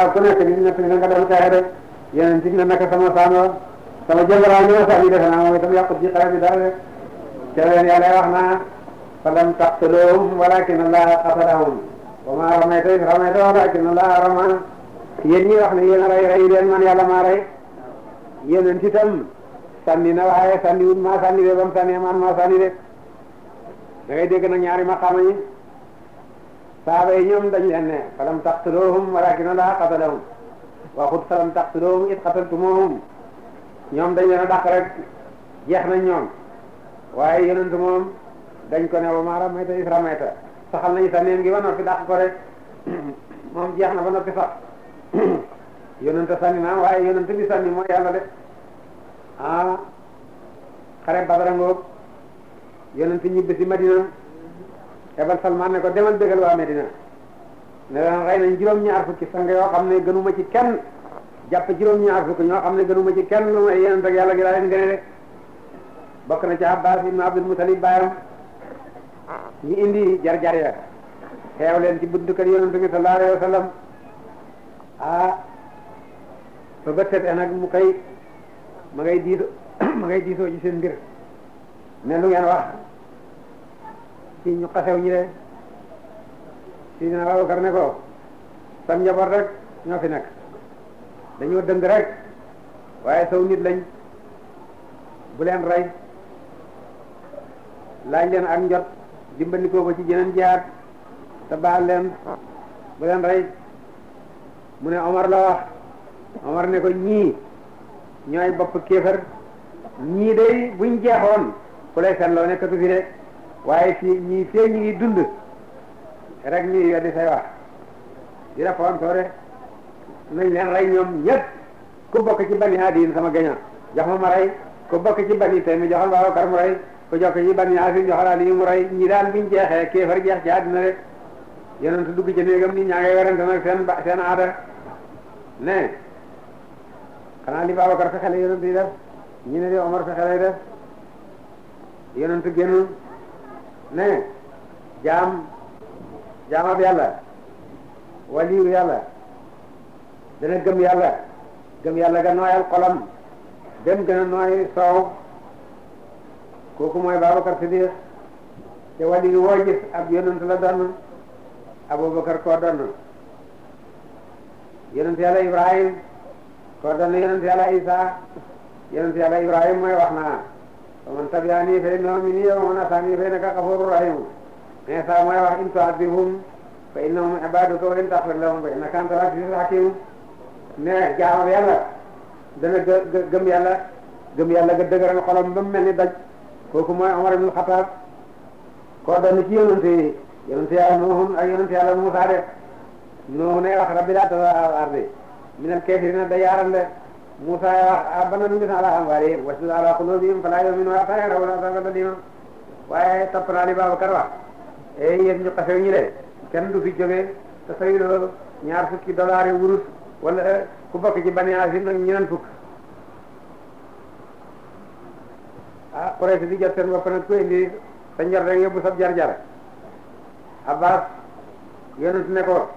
saa ku nekk li ñu nekk li nga doon xeex rek yeneen ci ne naka sama saama sama jëmbaraa ñëw sax ñu defe naa moom itam yàqut ci xare bi daal rek ca leen yàlla wax naa falam taqtuluhum walakin allah qatalahum wa ma ramayta iz ramayta walakin allah rama yéen ñi wax ne yéen rey rey leen man yàlla maa rey yeneen ci tam sànni na waaye sànni wut maa sànni de bam sànni man maa sànni de da ngay dégg nag ñaari maqaama yi saaba yi ñoom dañ leen ne falam taqtuluhum walakin Allah qatalahum waxut falam taqtuluhum it qataltumuhum ñoom dañ leen a dàq rek jeex nañ ñoom waaye yonent moom dañ ko ne wa maa ramayta is ramayta saxal nañu sa neen gi ba noppi dàq ko rek moom jeex na ba noppi sax yonent sànni naa waaye yonent bi sànni mooy yàlla de ah xare Badara ngoog yonent ñibbi si Madina ebal Salman ne ko demal bégal waa Medina ne leen rey nañ juróom-ñaar fukki sang yoo xam ne gënuma ci kenn jàpp juróom-ñaar fukki ñoo xam ne gënuma ci kenn lu may yéen rek yàlla gi laa leen rek bokk na ci Abbas ibn Abdul Mutalib baayam ñu indi jar ya xeew leen ci buntu kër yonent bi sallallahu alayhi wa sallam ah ba ba tete mu koy ma ngay diisoo ma ngay diisoo ci seen mbir ne lu ngeen wax fii ñu xasew ñi de Sidina Abubakar ne ko sam njaboot rek ñoo fi nekk dañoo dëng rek waaye saw nit lañ bu leen rey laaj leen ak njot dimbandikoo ko ci jeneen jaar te baal leen bu rey mu ne Omar la wax Omar ne ko ñii ñooy bopp kéefër ñii day buñ jeexoon ku lay fen loo nekkatu fi de waaye ci ñii fee ñi ngi dund rek ñuy weddi say wax di la fontoore nañ leen rey ñoom ñëpp ku bokk ci bani haadiin sama gaña jox ma ma rey ku bokk ci bani taymi joxal Baabakar mu rey ku jokk ci bani Haasim joxal Ali mu rey ñi daal biñ jeexee kéefar jeex ci àddina rek yonent dugg ci néegam ni ñaa ngay werante nag seen ne xanaa li Baabakar fexele yonent yi def ñu ne di Omar fexele def yonent génn ne jaam jaamab yàlla waliyu yàlla dana gëm yàlla gëm yàlla ga nooyal xolam dem gën a nooy soow kooku mooy Babacar Sidiq te waliyu woo gis ab yonent la doon Aboubacar koo doon yonent yàlla Ibrahim koo doon yonent yàlla Isa yonent Ibrahim mooy wax naa ومن تبعني فإنه مني ومن عصاني فإنك غفور رحيم عيسى ما يوحى إن تعذبهم فإنهم عبادك وإن تغفر لهم فإنك أنت العزيز الحكيم ne jaamam yàlla dana gëm yàlla gëm yàlla ga dëgëral xolam ba mu mel ni daj kooku mooy Omar ibn Khattab koo doon ci yonante yi yonante yàlla Nuuhun ak yonante yàlla Muusaa de Nuuhu ne wax rabbi laa tazar ardi minal kaafiriina dayyaaran de Moussa rabbana anzil ala amwaalihim wasdud ala quluubihim falaa yu'minuuna hattaa yarawul azaabal aliim waaye topp naa li Babacar wax eh yéen ñu kenn du fi jógee te sayuloo fukki dollars wurus wala eh, ku bokk ci Bani Haashim nag ñeneen fukk ah Quraysh di jot seen bopp nag ku indi sa njar rek yóbbu sab jar-jar ne ko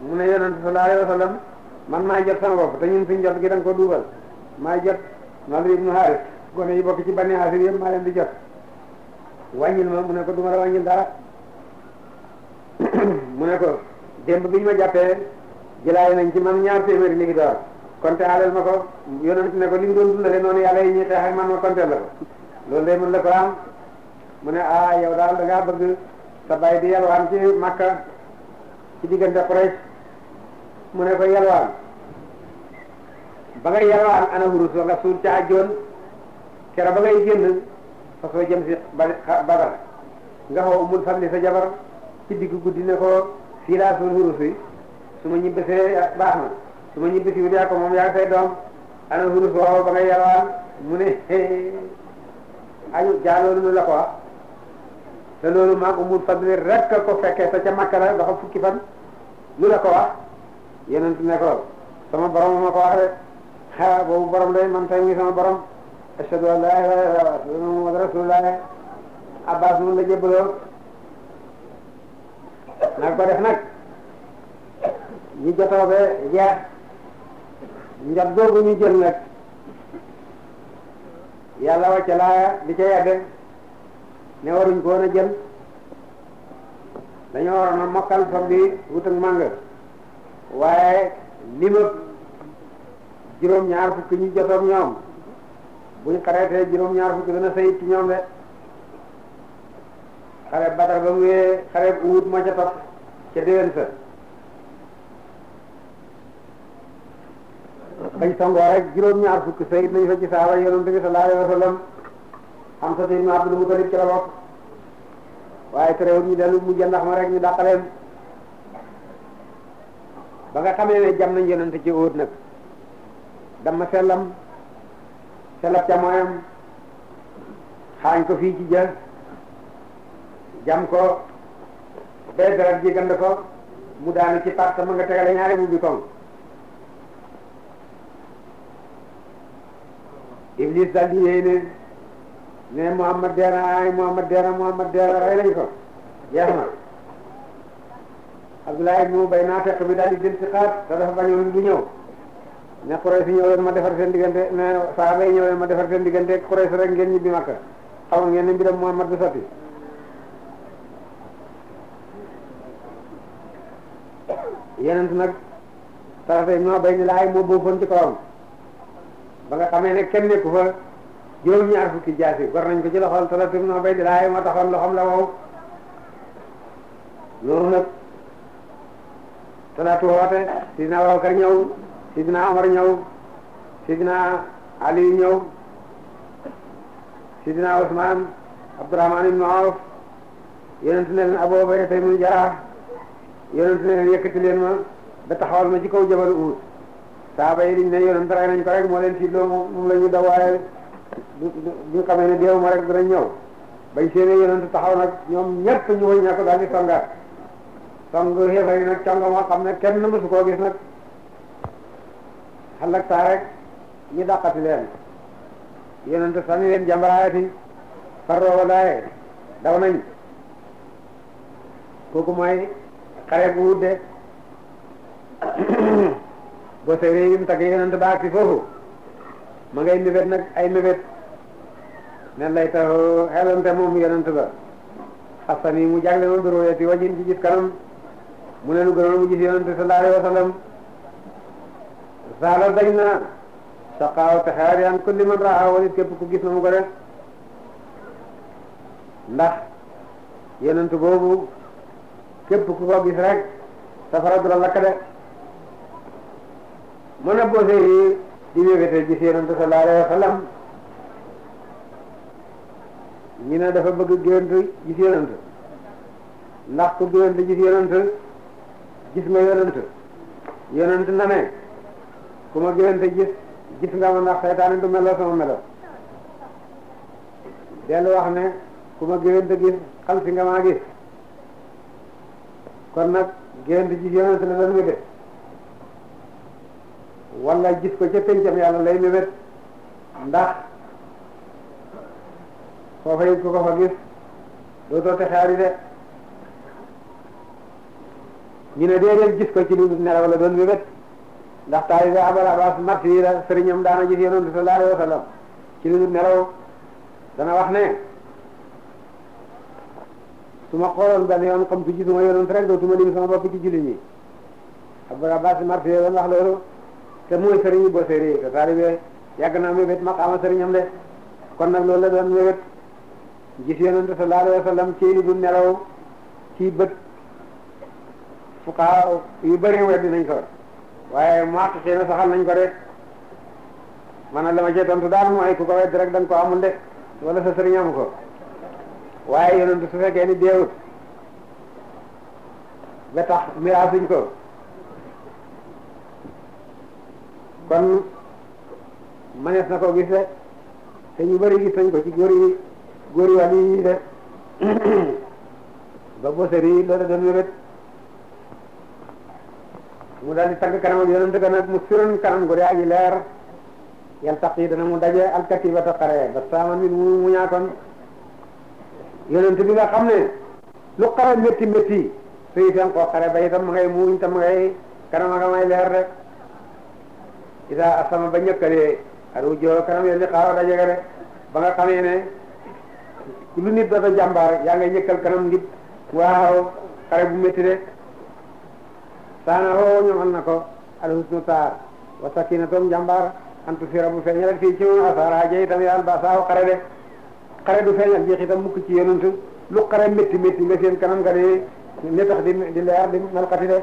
mu ne yonent sallallahu alayhi wa sallam man maa jot sama bopp te ñun suñ jot gi da nga ko duubal maa jot Nadr ibnu Haaris gone yi bokk ci Bani Haashim yëpp maa di jot wàññil ma mu ne ko du ma la wàññil dara mu ne ko démb bi ñu ma jàppee jëlaay nañ ci man ñaar téeméeri li ngi door konte alal ma ko yonent ne ko li ngi doon dundale noonu yàlla yi ñuy man ma konte la ko loolu day mën la ko am mu ne ah yow daal da ngaa bëgg sa bay di yalwaan ci Makka ci diggante Quraysh mu ne ko yalwaan ba nga yalwaan ana wurus wa nga suul ca àjjoon kera ba ngay génn fasoo jëm si badar nga xaw umul fadli fa jabar ci digg guddi ne ko fii laa suul wurus su ma ñibbisee baax na su ma ñibbisi wut yaa ko moom yaa say doom ana wurus woowu ba ngay yalwaan mu ne añu jaaloolu nu la ko wax te loolu maag umul fadli rek ko fekkee sa ca makka la nga ko fukki ban lu la ko wax yonent ne ko sama borom ma ko wax ah boobu borom day man tey muy sama borom ashhadu an laa ilaaha illallaah muhammad rasuulullaah Abbas mun la jébbaloo naa ko def nag ñu jotoo ba jeex njot googu ñu jël nag la wàcce laa di ca yedde ne waruñ ko woon a jël dañoo waroon a mokkal fab bi wut ak màng waaye juróom-ñaar fukki ñu jotoog ñoom buñ xareetee juróom-ñaar fukk dana sayit ci ñoom de xare Badar ba mu wee xare Uhud ma ca topp ca déwén sa bañ songoo rek juróom-ñaar fukki sayit nañ fa ci saaba yonente bi sallallahu alayhi wa sallam xam sa sayit ma Abdul Mutalib ci la bokk waaye terewul ñu dellu mujj ndax ma rek ñu dàqaleen ba nga xamee ne jam nañ yonente ci Uhud nag dama sellam sellab ca mooyam xaañ ko fii ci jë jam ko bee deret ji gënd ko mu daanu ci part ma nga tegale ñaari bu bi koŋ iblis dal di yéy ne ne Muhammad deena ay Muhammad deena Muhammad deena rey nañ ko jeex na Abdoulaye mu bay naa fekk bi daal di jël si xaar te dafa bañoon du ne Quraysh ñëw leen ma defar seen diggante ne saaba yi ñëw leen ma defar seen diggante Quraysh rek ngeen ñibbi Makka xaw ngeen ne mbiram Muhammad du sotti yeneen nag sarata yi ñoo bay ni laay moo boofoon ci kawam ba nga xamee ne kenn nekku fa juróom-ñaar fukki jaasi gor nañ ko ci loxol sarata yi ñoo bay ni laay moo taxoon loxoom la wow loolu nag salaatu woote si na waaw kar ñëw sidna Omar ñëw sidna Ali ñëw sidna Ousmane Abdourahman ibn Awf yonent ne Abu Ubayda ibn Jarrah yonent ne leen yëkkati leen ma ba taxawal ma ci kaw jabal uut saaba yi liñ ne yonent rey nañ ko rek moo leen ci loo moom la ñu dawaayal duñ xamee ne deewu ma rek dinañ ñëw bañ taxaw nag ñoom ñëpp ñu wëñ na ko daal di songaat song xeefari moo xam ne kenn mësu koo gis nag xalak taa rek ñu dàqati leen yonente sànni leen jàmbaraayati farrooba daaye daw nañ kooku mooy xare bu wudde boo seeree yim tagg yonente baag si foofu ma ngay mébét nag ay mébét nen lay tax xelante moom yonente ba xastan yi mu jagle ma birooyati wajin ci gis kanam mu ne lu gënoon mu gis yonente sallallahu alayhi wa sallam zaala dañ na saqaawa texaari an kulli man raa walit képp ku gis na mu ko ndax yenentu boobu képp ku ko gis rek safara du la lakk de mën a bose yi di wéwétal gis yenentu sallallahu alayhi wa sallam ñu ne dafa bëgg gént gis yenentu ndax ku gént gis yenentu gis nga yenentu yenentu na ne ku ma gënante gis gis nga ma ndax seytaane du meloo sama melo dellu wax ne ku ma gënante gis xam si nga maa gis kon nag gënante gis yonent la doon wéte wala gis ko ca pencam yàlla lay mébét ndax foofa it ku ko fa gis dootoo te xaari de ñu ne déedéet gis ko ci lu nelaw la doon mébét ndax taalibe Abal Abbas martyr la sëriñam daana gis yonent bi sallallahu alayhi wa sallam ci lu nelaw dana wax ne su ma xooloon benn yoon comme que gisuma yonent rek dootuma lim sama bopp ci jullit ñi Abal Abbas martyr la wax loolu te mooy sëriñu boo séeréer te taalibe yàgg naa mébét maqaama sëriñam de kon nag loolu la doon mébét gis yonent bi sallallahu alayhi wa sallam ci lu nelaw ci bët fuqaa yu bëri weddi nañ ko waaye maatu xëy na saxal nañ ko de maanaam la ma cee tontu daal mooy ku ko wedd rek da nga ko amul de wala sa sëriñ waaye yonent su fekkee ni deewut ba tax miraasuñ ko kon manees na ko gis de te gis nañ ko ci góor yi góor de ba boseri loolu doon wébét mu daal di tagg kanam ak yonent ga nag mu siroon kanam gu aji leer yal tax yi dana mu daje alkatibata xare ba saaman min mu mu ñaatoon yonent bi nga xam ne lu xare métti métti su itam koo xare ba itam ma ngay muuñ tam ma ngay kanam nga may leer rek isa asama ba ñëkkalee aru joo kanam yal di xaaro daje ga rek ba nga xamee ne lu nit dafa jàmbaar yaa ngay ñëkkal kanam nit waaw xare bu métti de saana hoo na ko alhusnu taar wa sakinatom jàmbaar an tusira mu feeñal fii ci moom asara jey itam yaan ba saaw xare de xare du feeñal jeexitam mukk ci yonent lu xare métti métti nga seen kanam nga di ne tax di di leer di nalxati de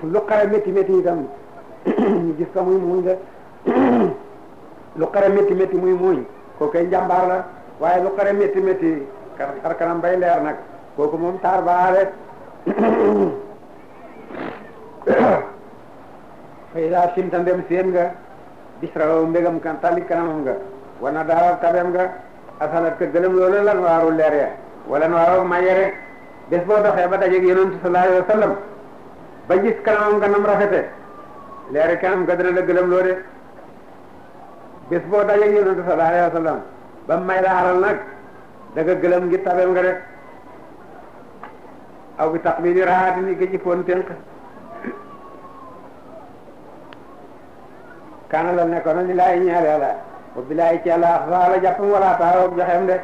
lu xare métti métti itam muy muuñ de lu xare métti muy muuñ kooku ay njàmbaar la waaye lu xare métti métti kanam bay leer nag kooku moom taar baa de fayda simta ndem seen nga bisraw mbégam kan tali kanamam nga wana daaral tabem nga asalat ka gëlëm loolu lan waaru leer ya wala waaru mayere bés boo doxee ba dajeeg yonent sallallahu alayhi wa sallam ba gis kanamam nga nam rafete leeri kanam nga dana la gëlëm loo de bés boo dajeeg yonent sallallahu alayhi wa sallam ba may la xaral nag daga gëlëm ngir tabem nga de aw bi tax bi di raxaati foon tënk kaana lool nekkoon na lillaay ñeel yàlla wa billaay ci yàlla axsaala jàppam wala taaroog joxeem de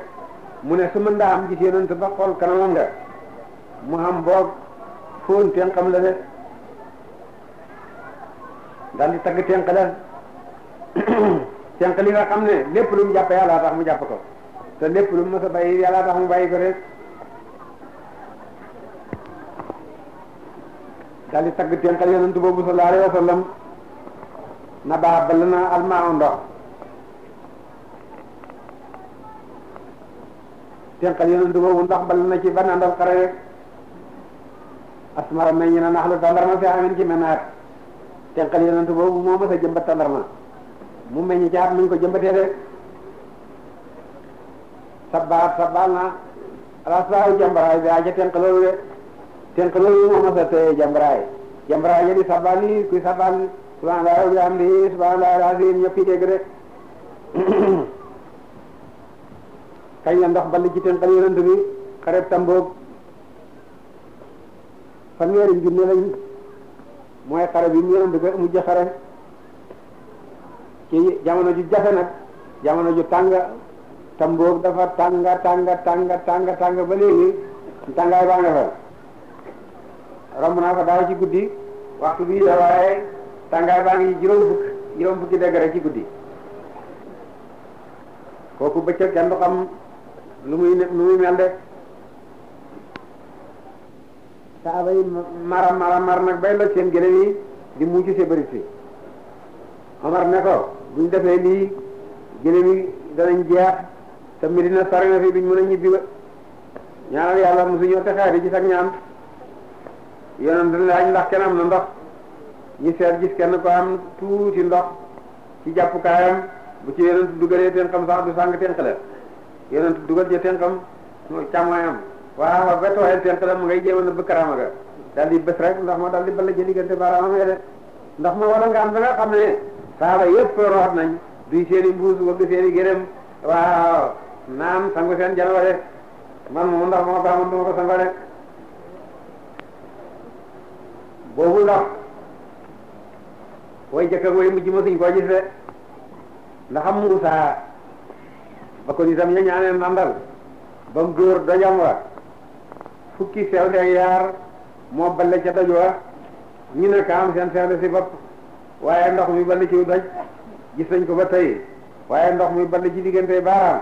mu ne su mën daa am gis yonent ba xool kanamam nga mu am boog fóon tenqam la de daal di tagg tenq la tenq li nga xam ne lépp lu mu jàpp yàlla tax ko te lépp lu mu mës a bàyyi yàlla tax mu bàyyi ko rek daal di tagg tenq yonent boobu sallallahu alayhi na baax ba lana almaa ndox tenqal yonent boobu ndox ba lana ci ban àndal xare rek asmara meññ na nax lu tàndarma fi amin ci menaar tenqal yonent boobu moo mës a jëmbat tàndarma mu meññ ci at mu ñu ko jëmbatee rek sabbaat sabbaal na rasaaw jambaraay bi aja tenq loolu de tenq loolu moo mës a tëye jambaraay jambaraay ya di sabbaal yi kuy sabbaal subhanallahi wa bihamdihi subhanallahi alazim ñëpp yi kañ la ndox bal ci tënkal yonent bi xareb tamboog fanweeri junne lañ mooy xare bi mu yonent bi mujj xare ci jamono ju jafe nag jamono ju tàng tamboog dafa tàng tàng tàng tàng tàng ba léegi tàngaay baa nga fa romb naa fa daaw ci guddi waxtu bii la waaye tàngaay baa ngi juróom fukk juróom fukki degré ci guddi kooku bëccëg kenn du xam lu muy lu muy mel de saaba yi mara mara mar nag bay loj seen gënëm yi di mucc si bëri si Omar ne ko buñ defee lii gënëm yi danañ jeex te Medina sori na fi biñ mën a ñibbi ba ñaanal yàlla mosuñoo texaari ci sag ñaan yoonam dañ laaj ndax kenn am na ndox ñu seet gis kenn ko am tuuti ndox ci jàppukaayam bu ci yonent dugalee tënkam sax du sàng tënkale yonent dugal ci tënkam mu càmmoñam waaw ba tooyal tënkale mu ngay jéem a nëbb karaama ga daal di rek ndox ma daal di bala ci diggante baaraamam de ndox ma wala nga am da nga xam ne saaba yëpp root nañ duy seen i mbuus wëgg seen wa gërëm waaw naam sangu seen janoo de man moom ndox moo ko amoon du ma ko sangoo de boobu way jëkk ak way mujj mosuñ koo gis de ndax am Muusaa ba ko nitam ya ñaanee nandal ba mu dóor dojam wa fukki sew seen yaar moo balle ca doj wa ñu ne kaam seen sew si bopp waaye ndox mi balle ci doj gis nañ ko ba tey waaye ndox mi balle ci diggante baaraam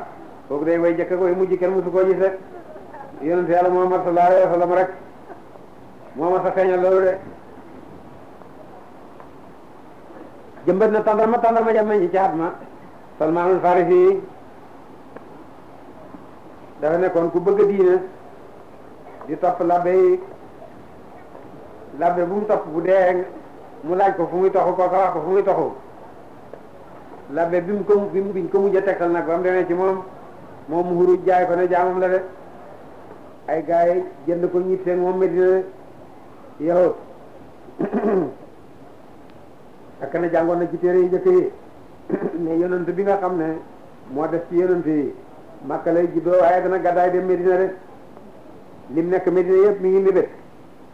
kooku day way jëkk ak way mujj kenn mosu koo gis de yonent yàlla Muhammad sallallahu alayhi rek moo ma sa feeñal loolu de jëmbat na tàndarma tàndarma jàmm ci caat ma Salmaanul Farisi dafa nekkoon ku bëgg diine di topp labbe yi labbe bu mu topp bu dee mu laaj ko fu muy toxu ko wax ko fu muy toxu labe bi mu ko bi mu ko mujj a tegtal nag ba mu demee ci moom moom mu huru jaay ko ne jaamam la de ay gars yi jënd ko ñitt moom Medina yow fekk na jàngoon na ci téere yi njëkk yi ne yonent bi nga xam ne moo def ci yonent yi Makka lay juddoo waaye dana gàddaay dem Medina de lim nekk Medina yëpp mi ngi mébét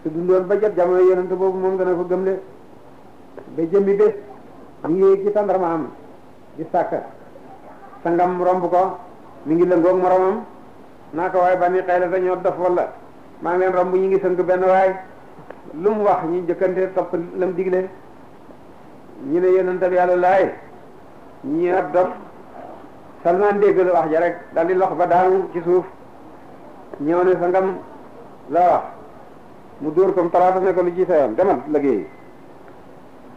su dundoon ba jot jamono yonent boobu moom dana ko gëm de ba jëmmi bés mi ngi yéeg ci tàndarma am di sàkk sangam romb ko mi ngi lëngoog moromam naa ko waaye bani xëy la dañoo dof wala maa ngi leen romb ñu ngi sënk benn waay lu mu wax ñu njëkkante topp lam digle ñi ne yonentam yàlla laay ñi ab dof Salmaan dégg la wax ja rek di lox ba daanu ci suuf ñëw ne sa la wax mu dóor comme talaata ne ko lu ci sa yoon demal liggéey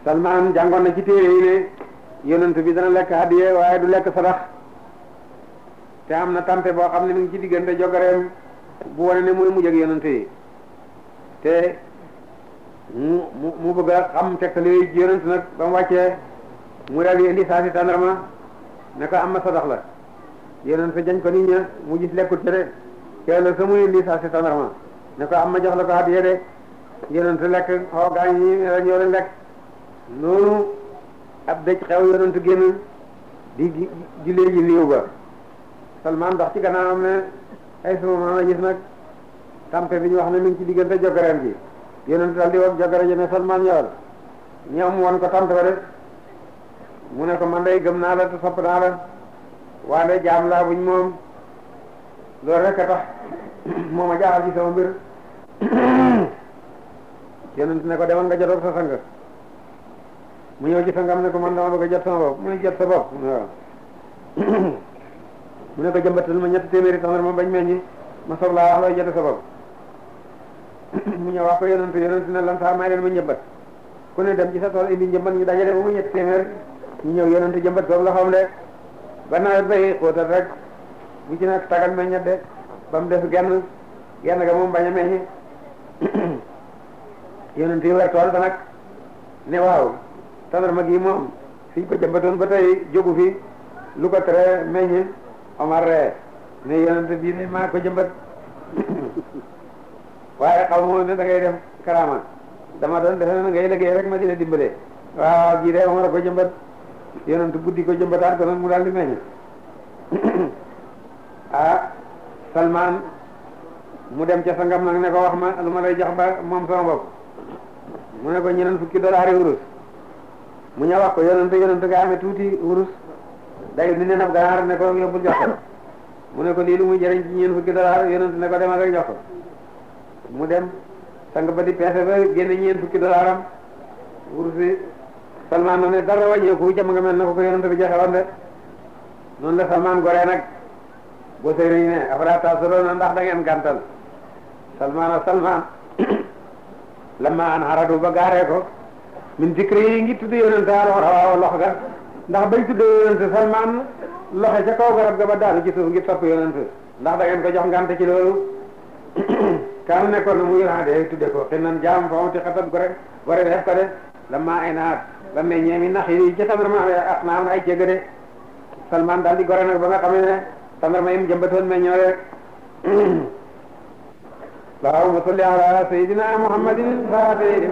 Salmaan jàngoon na ci téere yi ne yonent bi dana lekk hadiye waaye du lekk sadax te am na tàmpe boo xam ne mu ngi ci diggante jogareem bu wane ne mooy mujj ak yonent yi te mu mu mu bëgg a xam tegtal yooyu yonent nag ba mu wàccee mu daal di indi saa si ne ko am na sadax la yonent sa jañ ko nit ña mu gis lekkut ca de kee la sa muy indi saa si tàndarma ne ko am ma jox la ko hadiya de yonent lekk xaw gaañ ñi ñoo leen lekk noonu ab dëj xew yonent génn di jullee ji néew ba Salmaan dox ci gannaawam ne ay sama maam a gis nag tampe bi ñu wax ne mi ngi ci diggante jokkareen bi yonent daal di wax jagara jëne salman yowal ñi am woon ko tant ba de mu ne ko man day gëm naa la te sopp naa la waa de jaam laa buñ moom loolu rek a tax moom a jaaxal ci sama mbir yonent ne ko demal nga jotoog sa sang mu ñëw ci sangam ne ko man dama bëgg a jot sama bopp mu ne jot sa mu ne ko jëmbatal ma ñetti téeméeri tàndar ma bañ meññi ma soog laa wax looy jote mu ñëw wax ko yonent yonent ne lan sax ma njëmbat ku ne dem ci sa tool indi njëmbat ñu dajale ba mu ñetti téeméer ñu ñëw yonent jëmbat boobu la xam de ba nawet bay xóotal rek bu ci nekk tagal meññet de ba mu des genn genn ga moom bañ a meññi yonent yi weer tool ba nag ne waaw tandarma gi moom fiñ ko jëmbatoon ba tey jógu fi lu ko tere meññi Omar ree ne yonent bii ne maa ko jëmbat waaye xaw ma da ngay def karama dama doon defe na ngay liggéey rek ma di la dimbale waaw ji de Omar a ko jëmbat yonent buddi ko jëmbataat ko noonu mu daal di meññ ah Salman mu dem ca sangam nag ne ko wax ma lu ma lay jox ba moom sama bopp mu ne ko ñeneen fukki dollars wurus mu ñëw wax ko yonent yonent nga amee tuuti wurus day ni ne nag ganaar ne ko yóbbul jox ko mu ne ko lii lu muy jëriñ ci ñeen fukki dollars yonent ne ko demal rek jox ko mu dem sang ba di peese ba génne ñeent fukki dolaram wurus bi Salman na ne dara wàññeeku jam nga mel na ko ko yonent bi joxe woon de noonu la Salman goree nag boo sëy nañu ne afara tasaloona ndax dangeen ngeen gàntal Salman a Salman lama an ba gaaree ko min dikri yi ngi tudd yonent alxorawaaw lox ga ndax bañ tudd yonent Salman loxe ca kaw garab ga ba daanu ci suuf ngir yonent ndax da ngeen ko jox ngante ci loolu kaanu nekkoon na mu jël xanaa de ko xin nan jaam fa ti xatam ko rek gore def ko de la maa ay naat ba mi nax yi ci tàndarma ak ah, ah, naam ay jégg de Salman daal di gore nag ba nga xam ne tàndarma yi mu jëmbatoon meññoo rek allahumma salli ala sayyidina muhammadin al-fatihi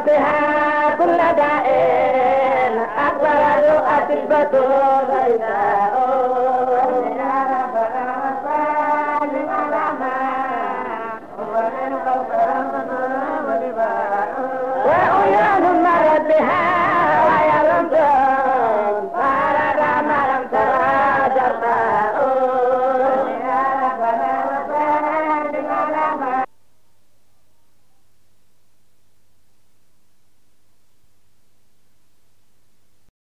وانتهى كل داء أكبر لؤة البتول بيداء وأيام مرت بها